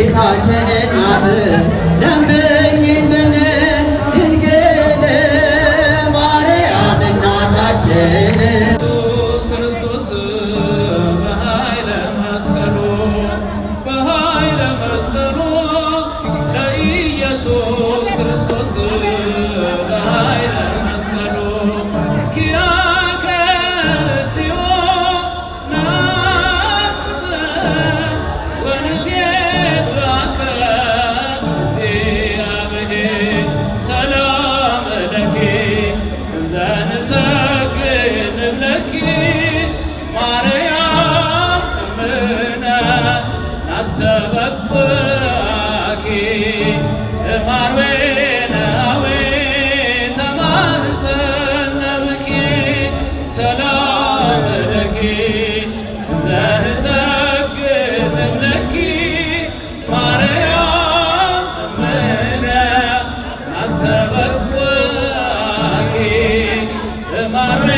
የእመቤታችን እናት ለምኝልን ድንግል ማርያም እናታችን ጠባኪ እማርዌናዊ ተማዘነብኪ ሰላም ለኪ ዘንሰግድ ማርያም እምነ ናስተበባኪ እማርዌ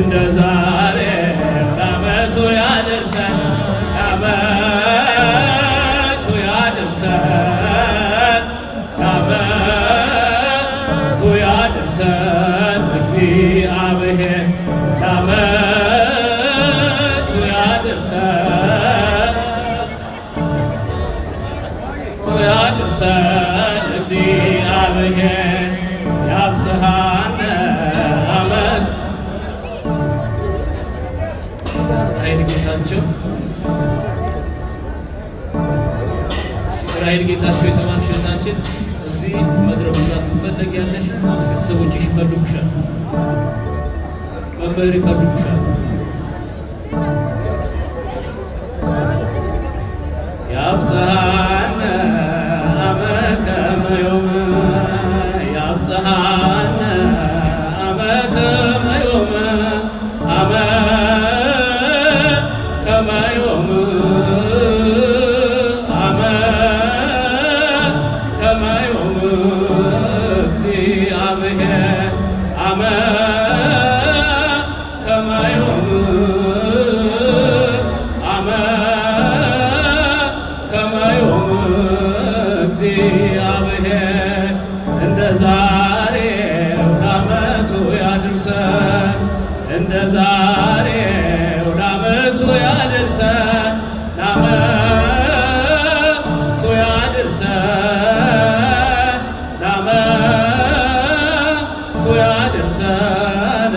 እንደ ዛሬ ለዓመቱ ያደርሰን ለዓመቱ ያደርሰን ለዓመቱ ያደርሰን እግዚአብሔር ለዓመቱ ያደርሰን ያደርሰን እግዚአብሔር ያብዝሃ ኃይል ጌታቸው የተባልሽ እህታችን እዚህ መድረኩ ጋር ትፈለጊያለሽ። ቤተሰቦችሽ ይፈልጉሻል፣ መምህር ይፈልጉሻል። ያብዛሃል ዛሬው ላመቱ ያደርሰን ላመቱ ያደርሰን ላመቱ ያደርሰን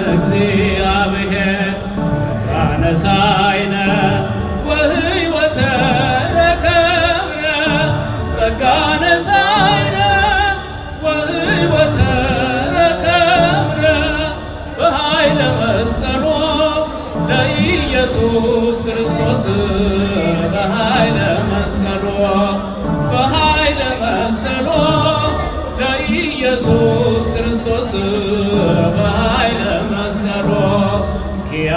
ኢየሱስ ክርስቶስ በኃይለ መስቀሎ በኃይለ መስቀሎ ለኢየሱስ ክርስቶስ በኃይለ መስቀሎ ኪያ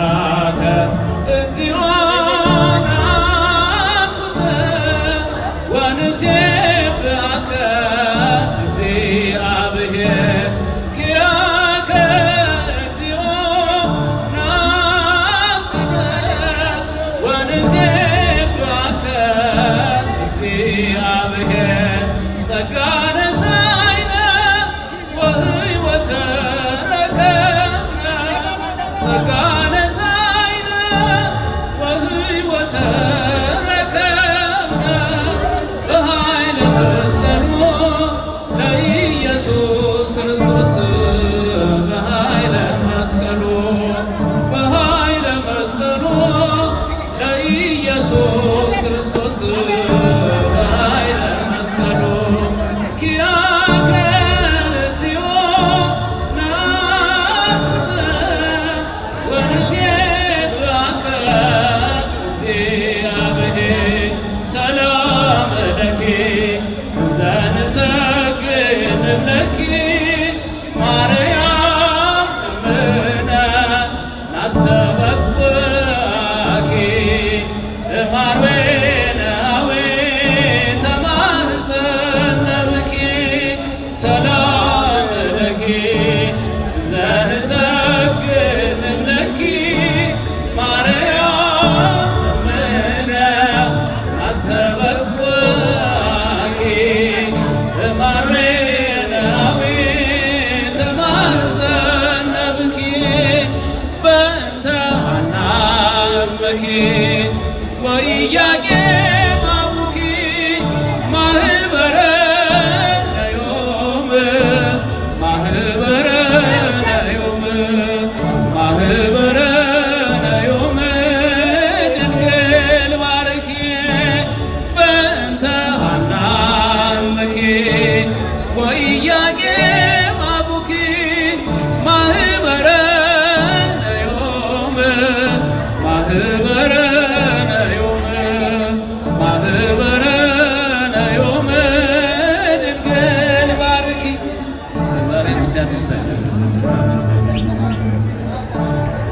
是。etc, etc.